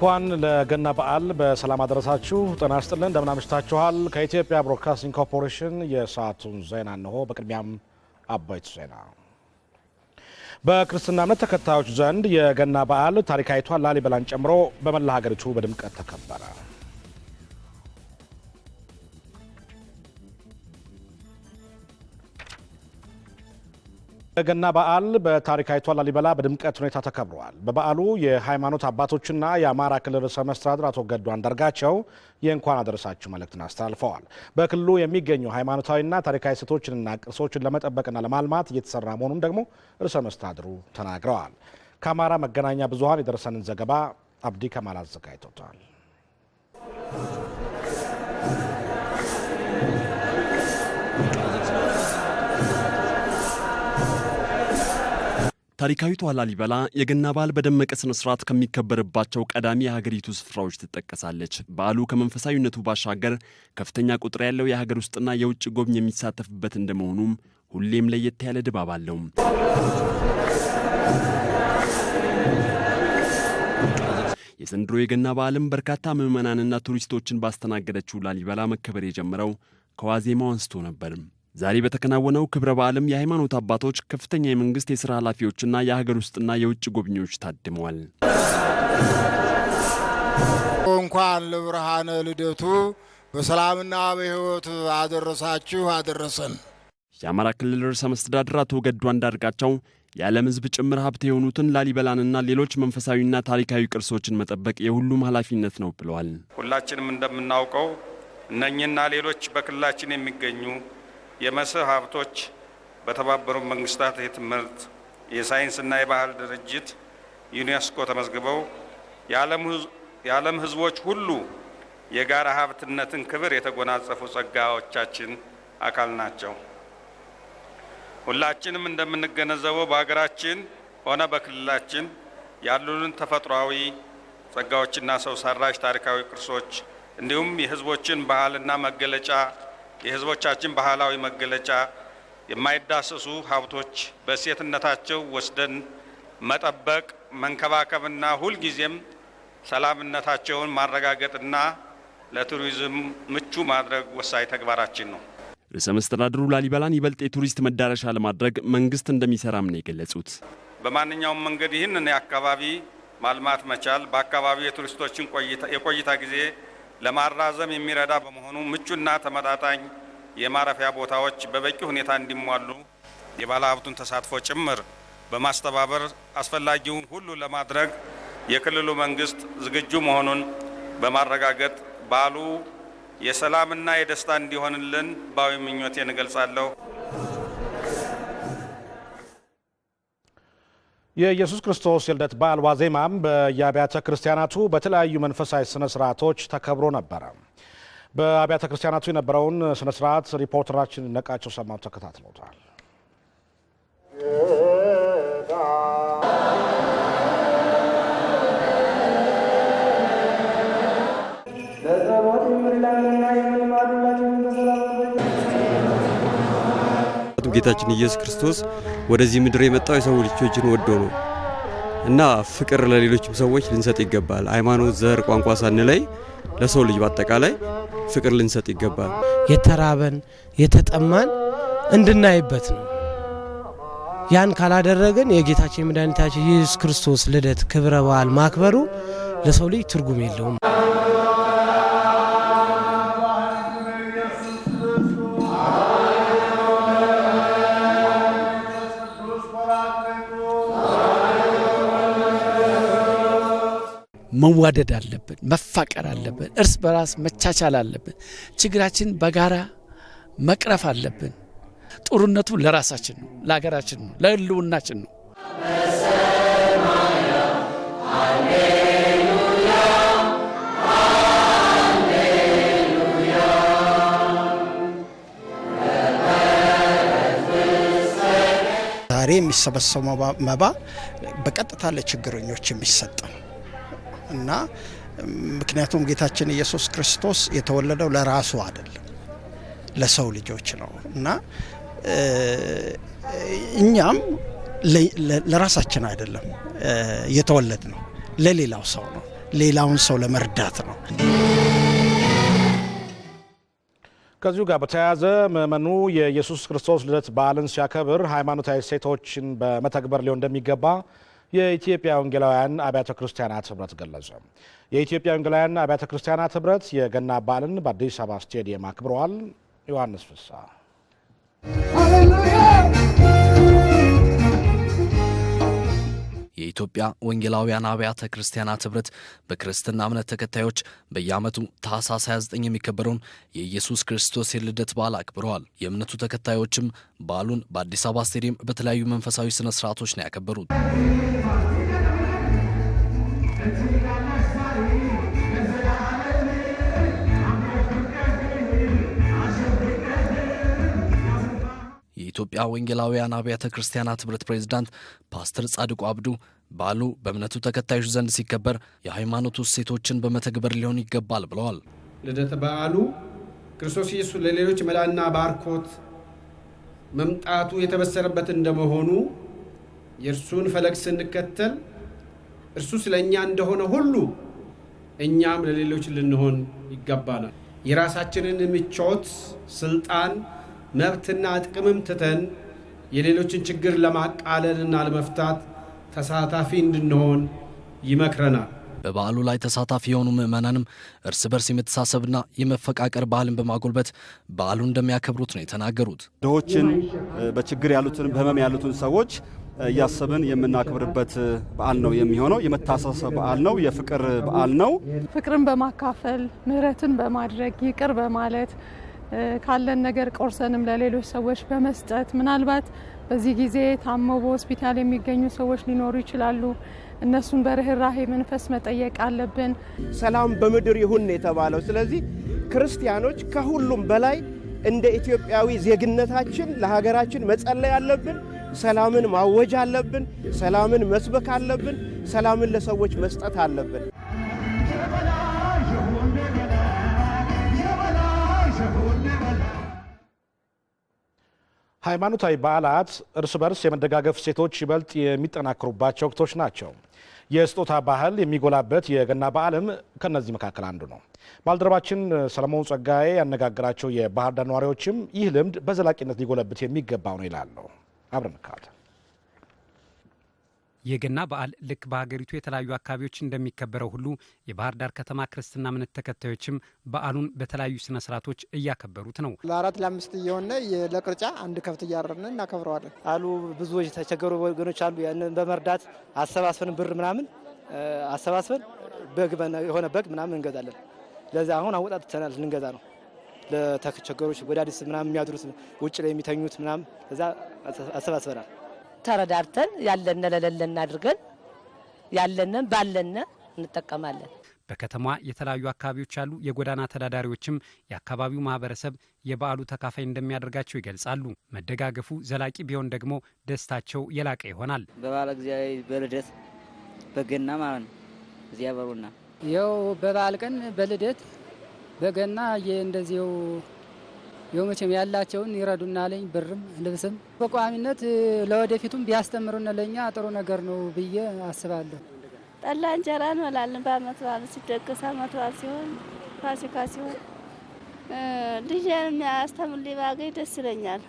እንኳን ለገና በዓል በሰላም አደረሳችሁ። ጤና ይስጥልን፣ እንደምን አምሽታችኋል። ከኢትዮጵያ ብሮድካስቲንግ ኮርፖሬሽን የሰዓቱን ዜና እንሆ። በቅድሚያም አበይት ዜና በክርስትና እምነት ተከታዮች ዘንድ የገና በዓል ታሪካዊቷን ላሊበላን ጨምሮ በመላ ሀገሪቱ በድምቀት ተከበረ። የገና በዓል በታሪካዊቷ ላሊበላ በድምቀት ሁኔታ ተከብረዋል። በበዓሉ የሃይማኖት አባቶችና የአማራ ክልል ርዕሰ መስተዳድር አቶ ገዱ አንዳርጋቸው የእንኳን አደረሳችሁ መልእክትን አስተላልፈዋል። በክልሉ የሚገኙ ሃይማኖታዊና ታሪካዊ እሴቶችንና ቅርሶችን ለመጠበቅና ለማልማት እየተሰራ መሆኑን ደግሞ ርዕሰ መስተዳድሩ ተናግረዋል። ከአማራ መገናኛ ብዙሀን የደረሰንን ዘገባ አብዲ ከማል አዘጋጅቶታል። ታሪካዊቷ ላሊበላ የገና በዓል በደመቀ ስነ ስርዓት ከሚከበርባቸው ቀዳሚ የሀገሪቱ ስፍራዎች ትጠቀሳለች። በዓሉ ከመንፈሳዊነቱ ባሻገር ከፍተኛ ቁጥር ያለው የሀገር ውስጥና የውጭ ጎብኝ የሚሳተፍበት እንደመሆኑም ሁሌም ለየት ያለ ድባብ አለው። የዘንድሮ የገና በዓልም በርካታ ምዕመናንና ቱሪስቶችን ባስተናገደችው ላሊበላ መከበር የጀመረው ከዋዜማው አንስቶ ነበር። ዛሬ በተከናወነው ክብረ በዓልም የሃይማኖት አባቶች፣ ከፍተኛ የመንግስት የሥራ ኃላፊዎችና የሀገር ውስጥና የውጭ ጎብኚዎች ታድመዋል። እንኳን ለብርሃነ ልደቱ በሰላምና በሕይወት አደረሳችሁ አደረሰን። የአማራ ክልል ርዕሰ መስተዳድር አቶ ገዱ አንዳርጋቸው የዓለም ሕዝብ ጭምር ሀብት የሆኑትን ላሊበላንና ሌሎች መንፈሳዊና ታሪካዊ ቅርሶችን መጠበቅ የሁሉም ኃላፊነት ነው ብለዋል። ሁላችንም እንደምናውቀው እነኝና ሌሎች በክልላችን የሚገኙ የመስህ ሀብቶች በተባበሩት መንግስታት የትምህርት የሳይንስና የባህል ድርጅት ዩኔስኮ ተመዝግበው የዓለም ህዝቦች ሁሉ የጋራ ሀብትነትን ክብር የተጎናጸፉ ጸጋዎቻችን አካል ናቸው። ሁላችንም እንደምንገነዘበው በሀገራችን ሆነ በክልላችን ያሉንን ተፈጥሯዊ ጸጋዎችና ሰው ሰራሽ ታሪካዊ ቅርሶች እንዲሁም የህዝቦችን ባህልና መገለጫ የህዝቦቻችን ባህላዊ መገለጫ የማይዳሰሱ ሀብቶች በሴትነታቸው ወስደን መጠበቅ መንከባከብና ሁልጊዜም ሰላምነታቸውን ማረጋገጥና ለቱሪዝም ምቹ ማድረግ ወሳኝ ተግባራችን ነው። ርዕሰ መስተዳድሩ ላሊበላን ይበልጥ የቱሪስት መዳረሻ ለማድረግ መንግስት እንደሚሰራም ነው የገለጹት። በማንኛውም መንገድ ይህንን የአካባቢ ማልማት መቻል በአካባቢው የቱሪስቶችን የቆይታ ጊዜ ለማራዘም የሚረዳ በመሆኑ ምቹና ተመጣጣኝ የማረፊያ ቦታዎች በበቂ ሁኔታ እንዲሟሉ የባለሀብቱን ተሳትፎ ጭምር በማስተባበር አስፈላጊውን ሁሉ ለማድረግ የክልሉ መንግስት ዝግጁ መሆኑን በማረጋገጥ በዓሉ የሰላምና የደስታ እንዲሆንልን ባዊ ምኞቴን እገልጻለሁ። የኢየሱስ ክርስቶስ የልደት በዓል ዋዜማም በየአብያተ ክርስቲያናቱ በተለያዩ መንፈሳዊ ስነ ስርዓቶች ተከብሮ ነበረ። በአብያተ ክርስቲያናቱ የነበረውን ስነ ስርዓት ሪፖርተራችን ነቃቸው ሰማው ተከታትለውታል። ጌታችን ኢየሱስ ክርስቶስ ወደዚህ ምድር የመጣው የሰው ልጆችን ወዶ ነው እና ፍቅር ለሌሎችም ሰዎች ልንሰጥ ይገባል። ሃይማኖት፣ ዘር፣ ቋንቋ ሳንለይ ለሰው ልጅ በአጠቃላይ ፍቅር ልንሰጥ ይገባል። የተራበን የተጠማን እንድናይበት ነው። ያን ካላደረግን የጌታችን የመድኃኒታችን ኢየሱስ ክርስቶስ ልደት ክብረ በዓል ማክበሩ ለሰው ልጅ ትርጉም የለውም። መዋደድ አለብን፣ መፋቀር አለብን፣ እርስ በራስ መቻቻል አለብን። ችግራችን በጋራ መቅረፍ አለብን። ጦርነቱ ለራሳችን ነው፣ ለሀገራችን ነው፣ ለህልውናችን ነው። ዛሬ የሚሰበሰበው መባ በቀጥታ ለችግረኞች የሚሰጥ ነው። እና ምክንያቱም ጌታችን ኢየሱስ ክርስቶስ የተወለደው ለራሱ አይደለም፣ ለሰው ልጆች ነው እና እኛም ለራሳችን አይደለም የተወለድ ነው፣ ለሌላው ሰው ነው፣ ሌላውን ሰው ለመርዳት ነው። ከዚሁ ጋር በተያያዘ ምእመኑ የኢየሱስ ክርስቶስ ልደት በዓልን ሲያከብር ሃይማኖታዊ ሴቶችን በመተግበር ሊሆን እንደሚገባ የኢትዮጵያ ወንጌላውያን አብያተ ክርስቲያናት ህብረት ገለጸ። የኢትዮጵያ ወንጌላውያን አብያተ ክርስቲያናት ህብረት የገና በዓልን በአዲስ አበባ ስቴዲየም አክብረዋል። ዮሐንስ ፍሳ የኢትዮጵያ ወንጌላውያን አብያተ ክርስቲያናት ኅብረት በክርስትና እምነት ተከታዮች በየዓመቱ ታኅሳስ 29 የሚከበረውን የኢየሱስ ክርስቶስ የልደት በዓል አክብረዋል። የእምነቱ ተከታዮችም በዓሉን በአዲስ አበባ ስቴዲየም በተለያዩ መንፈሳዊ ስነ ስርዓቶች ነው ያከበሩት። የኢትዮጵያ ወንጌላውያን አብያተ ክርስቲያናት ኅብረት ፕሬዝዳንት ፓስተር ጻድቁ አብዱ በዓሉ በእምነቱ ተከታዮች ዘንድ ሲከበር የሃይማኖቱ እሴቶችን በመተግበር ሊሆን ይገባል ብለዋል። ልደት በዓሉ ክርስቶስ ኢየሱስ ለሌሎች መላና ባርኮት መምጣቱ የተበሰረበት እንደመሆኑ የእርሱን ፈለግ ስንከተል እርሱ ስለ እኛ እንደሆነ ሁሉ እኛም ለሌሎች ልንሆን ይገባናል። የራሳችንን ምቾት፣ ስልጣን፣ መብትና ጥቅምም ትተን የሌሎችን ችግር ለማቃለልና ለመፍታት ተሳታፊ እንድንሆን ይመክረናል። በበዓሉ ላይ ተሳታፊ የሆኑ ምዕመናንም እርስ በርስ የመተሳሰብና የመፈቃቀር ባህልን በማጎልበት በዓሉ እንደሚያከብሩት ነው የተናገሩት። ድሆችን፣ በችግር ያሉትን፣ በህመም ያሉትን ሰዎች እያሰብን የምናክብርበት በዓል ነው የሚሆነው። የመታሳሰብ በዓል ነው። የፍቅር በዓል ነው። ፍቅርን በማካፈል ምህረትን በማድረግ ይቅር በማለት ካለን ነገር ቆርሰንም ለሌሎች ሰዎች በመስጠት ምናልባት በዚህ ጊዜ ታመው በሆስፒታል የሚገኙ ሰዎች ሊኖሩ ይችላሉ። እነሱን በርኅራሄ መንፈስ መጠየቅ አለብን። ሰላም በምድር ይሁን የተባለው ስለዚህ ክርስቲያኖች ከሁሉም በላይ እንደ ኢትዮጵያዊ ዜግነታችን ለሀገራችን መጸለይ አለብን። ሰላምን ማወጅ አለብን። ሰላምን መስበክ አለብን። ሰላምን ለሰዎች መስጠት አለብን። ሃይማኖታዊ በዓላት እርስ በርስ የመደጋገፍ ሴቶች ይበልጥ የሚጠናክሩባቸው ወቅቶች ናቸው። የስጦታ ባህል የሚጎላበት የገና በዓልም ከእነዚህ መካከል አንዱ ነው። ባልደረባችን ሰለሞን ጸጋዬ ያነጋገራቸው የባህር ዳር ነዋሪዎችም ይህ ልምድ በዘላቂነት ሊጎለብት የሚገባው ነው ይላሉ። አብረን የገና በዓል ልክ በሀገሪቱ የተለያዩ አካባቢዎች እንደሚከበረው ሁሉ የባህር ዳር ከተማ ክርስትና እምነት ተከታዮችም በዓሉን በተለያዩ ስነ ስርዓቶች እያከበሩት ነው። ለአራት ለአምስት እየሆነ ለቅርጫ አንድ ከብት እያረርን እናከብረዋለን። አሉ ብዙዎች የተቸገሩ ወገኖች አሉ። ያንን በመርዳት አሰባስበን ብር ምናምን አሰባስበን በግ የሆነ በግ ምናምን እንገዛለን። ለዚ አሁን አወጣትተናል ልንገዛ ነው ለተቸገሮች ወደ አዲስ ምናምን የሚያድሩት ውጭ ላይ የሚተኙት ምናምን እዛ አሰባስበናል። ተረዳርተን ያለነ ለለለና አድርገን ያለነ ባለነ እንጠቀማለን። በከተማ የተለያዩ አካባቢዎች ያሉ የጎዳና ተዳዳሪዎችም የአካባቢው ማህበረሰብ የበዓሉ ተካፋይ እንደሚያደርጋቸው ይገልጻሉ። መደጋገፉ ዘላቂ ቢሆን ደግሞ ደስታቸው የላቀ ይሆናል። በበዓለ እግዚአብሔር፣ በልደት፣ በገና ማለት ነው። እዚያ በሩና በበዓል ቀን በልደት በገና እንደዚው የመቼም ያላቸውን ይረዱናለኝ ብርም ልብስም በቋሚነት ለወደፊቱም ቢያስተምሩን ለእኛ ጥሩ ነገር ነው ብዬ አስባለሁ። ጠላ እንጀራ እንበላለን። በአመት በዓል ሲደገስ አመት በዓል ሲሆን ፋሲካ ሲሆን ልጅ የሚያስተምር ባገኝ ደስ ይለኛል።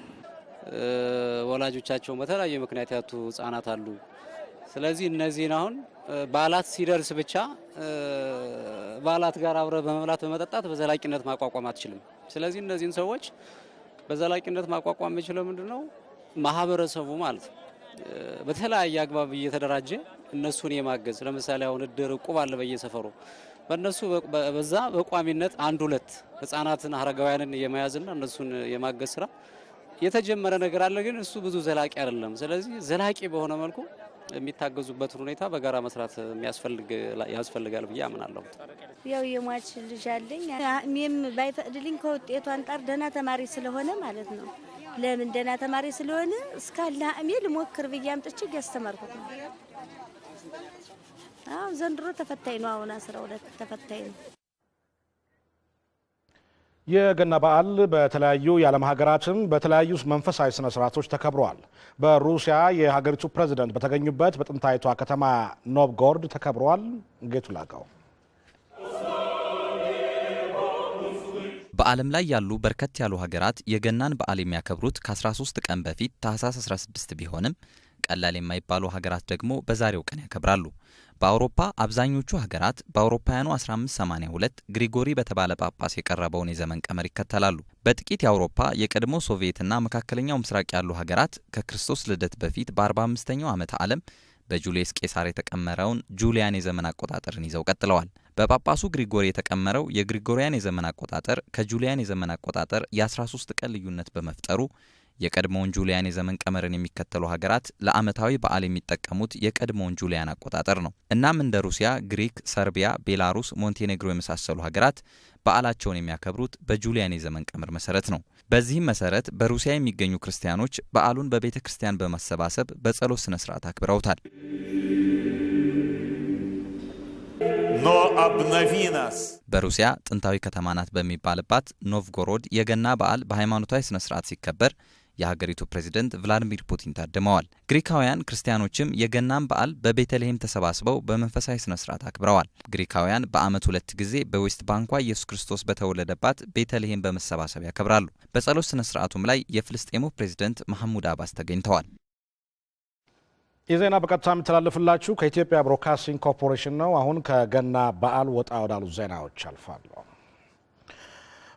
ወላጆቻቸው በተለያዩ ምክንያት ያጡ ህጻናት አሉ። ስለዚህ እነዚህን አሁን በዓላት ሲደርስ ብቻ በዓላት ጋር አብረ በመብላት በመጠጣት በዘላቂነት ማቋቋም አትችልም። ስለዚህ እነዚህን ሰዎች በዘላቂነት ማቋቋም የሚችለው ምንድን ነው? ማህበረሰቡ ማለት ነው። በተለያየ አግባብ እየተደራጀ እነሱን የማገዝ ለምሳሌ አሁን እድር፣ እቁብ አለ በየሰፈሩ በእነሱ በዛ በቋሚነት አንድ ሁለት ህጻናትን አረጋውያንን የመያዝና እነሱን የማገዝ ስራ የተጀመረ ነገር አለ። ግን እሱ ብዙ ዘላቂ አይደለም። ስለዚህ ዘላቂ በሆነ መልኩ የሚታገዙበት ሁኔታ በጋራ መስራት ያስፈልጋል ብዬ አምናለሁ። ያው የሟች ልጅ አለኝ እኔም ባይፈቅድልኝ ከውጤቱ አንጻር ደህና ተማሪ ስለሆነ ማለት ነው። ለምን ደህና ተማሪ ስለሆነ እስካለ አቅሜ ልሞክር ብዬ አምጥቼ ያስተማርኩት ነው። አዎ ዘንድሮ ተፈታኝ ነው። አሁን አስራ ሁለት ተፈታኝ ነው። የገና በዓል በተለያዩ የዓለም ሀገራትም በተለያዩ መንፈሳዊ ስነ ስርዓቶች ተከብረዋል። በሩሲያ የሀገሪቱ ፕሬዚደንት በተገኙበት በጥንታዊቷ ከተማ ኖቭጎርድ ተከብረዋል። ጌቱ ላቀው በዓለም ላይ ያሉ በርከት ያሉ ሀገራት የገናን በዓል የሚያከብሩት ከ13 ቀን በፊት ታህሳስ 16 ቢሆንም ቀላል የማይባሉ ሀገራት ደግሞ በዛሬው ቀን ያከብራሉ። በአውሮፓ አብዛኞቹ ሀገራት በአውሮፓውያኑ 1582 ግሪጎሪ በተባለ ጳጳስ የቀረበውን የዘመን ቀመር ይከተላሉ። በጥቂት የአውሮፓ የቀድሞ ሶቪየትና መካከለኛው ምስራቅ ያሉ ሀገራት ከክርስቶስ ልደት በፊት በ45ኛው ዓመተ ዓለም በጁልየስ ቄሳር የተቀመረውን ጁሊያን የዘመን አቆጣጠርን ይዘው ቀጥለዋል። በጳጳሱ ግሪጎሪ የተቀመረው የግሪጎሪያን የዘመን አቆጣጠር ከጁሊያን የዘመን አቆጣጠር የ13 ቀን ልዩነት በመፍጠሩ የቀድሞውን ጁሊያን የዘመን ቀመርን የሚከተሉ ሀገራት ለዓመታዊ በዓል የሚጠቀሙት የቀድሞውን ጁሊያን አቆጣጠር ነው። እናም እንደ ሩሲያ፣ ግሪክ፣ ሰርቢያ፣ ቤላሩስ፣ ሞንቴኔግሮ የመሳሰሉ ሀገራት በዓላቸውን የሚያከብሩት በጁሊያን የዘመን ቀመር መሰረት ነው። በዚህም መሰረት በሩሲያ የሚገኙ ክርስቲያኖች በዓሉን በቤተ ክርስቲያን በማሰባሰብ በጸሎት ስነ ስርዓት አክብረውታል። በሩሲያ ጥንታዊ ከተማ ናት በሚባልባት ኖቭጎሮድ የገና በዓል በሃይማኖታዊ ስነ ስርዓት ሲከበር የሀገሪቱ ፕሬዚደንት ቭላዲሚር ፑቲን ታድመዋል። ግሪካውያን ክርስቲያኖችም የገናን በዓል በቤተልሔም ተሰባስበው በመንፈሳዊ ስነ ስርዓት አክብረዋል። ግሪካውያን በዓመት ሁለት ጊዜ በዌስት ባንኳ ኢየሱስ ክርስቶስ በተወለደባት ቤተልሔም በመሰባሰብ ያከብራሉ። በጸሎት ስነ ስርዓቱም ላይ የፍልስጤሙ ፕሬዚደንት መሐሙድ አባስ ተገኝተዋል። የዜና በቀጥታ የሚተላለፍላችሁ ከኢትዮጵያ ብሮድካስቲንግ ኮርፖሬሽን ነው። አሁን ከገና በዓል ወጣ ወዳሉ ዜናዎች አልፋለሁ።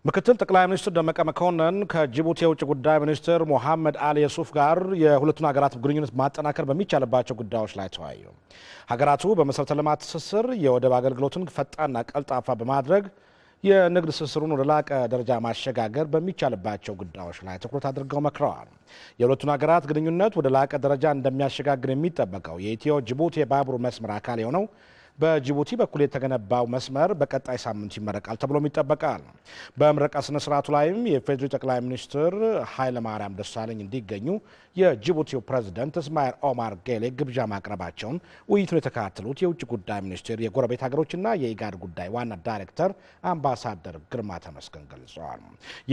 ምክትል ጠቅላይ ሚኒስትር ደመቀ መኮንን ከጅቡቲ የውጭ ጉዳይ ሚኒስትር ሞሐመድ አሊ የሱፍ ጋር የሁለቱን ሀገራት ግንኙነት ማጠናከር በሚቻልባቸው ጉዳዮች ላይ ተወያዩ። ሀገራቱ በመሠረተ ልማት ትስስር የወደብ አገልግሎትን ፈጣንና ቀልጣፋ በማድረግ የንግድ ትስስሩን ወደ ላቀ ደረጃ ማሸጋገር በሚቻልባቸው ጉዳዮች ላይ ትኩረት አድርገው መክረዋል። የሁለቱን ሀገራት ግንኙነት ወደ ላቀ ደረጃ እንደሚያሸጋግር የሚጠበቀው የኢትዮ ጅቡቲ የባቡር መስመር አካል የሆነው በጅቡቲ በኩል የተገነባው መስመር በቀጣይ ሳምንት ይመረቃል ተብሎም ይጠበቃል። በምረቃ ስነ ስርዓቱ ላይም የፌዴሪ ጠቅላይ ሚኒስትር ኃይለማርያም ደሳለኝ እንዲገኙ የጅቡቲው ፕሬዝደንት እስማኤል ኦማር ጌሌ ግብዣ ማቅረባቸውን ውይይቱን የተከታተሉት የውጭ ጉዳይ ሚኒስቴር የጎረቤት ሀገሮችና የኢጋድ ጉዳይ ዋና ዳይሬክተር አምባሳደር ግርማ ተመስገን ገልጸዋል።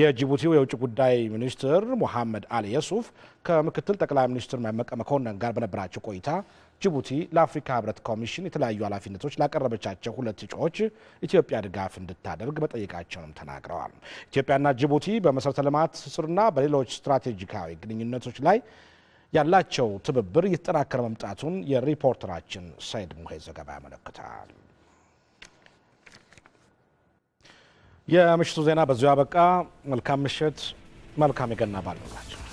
የጅቡቲው የውጭ ጉዳይ ሚኒስትር ሙሐመድ አሊ የሱፍ ከምክትል ጠቅላይ ሚኒስትር ደመቀ ጋር በነበራቸው ቆይታ ጅቡቲ ለአፍሪካ ህብረት ኮሚሽን የተለያዩ ኃላፊነቶች ላቀረበቻቸው ሁለት እጩዎች ኢትዮጵያ ድጋፍ እንድታደርግ መጠየቃቸውንም ተናግረዋል። ኢትዮጵያና ጅቡቲ በመሠረተ ልማት ትስስርና በሌሎች ስትራቴጂካዊ ግንኙነቶች ላይ ያላቸው ትብብር እየተጠናከረ መምጣቱን የሪፖርተራችን ሰይድ ሙሄ ዘገባ ያመለክታል። የምሽቱ ዜና በዚሁ አበቃ። መልካም ምሽት፣ መልካም የገና በዓል ይሁንላችሁ።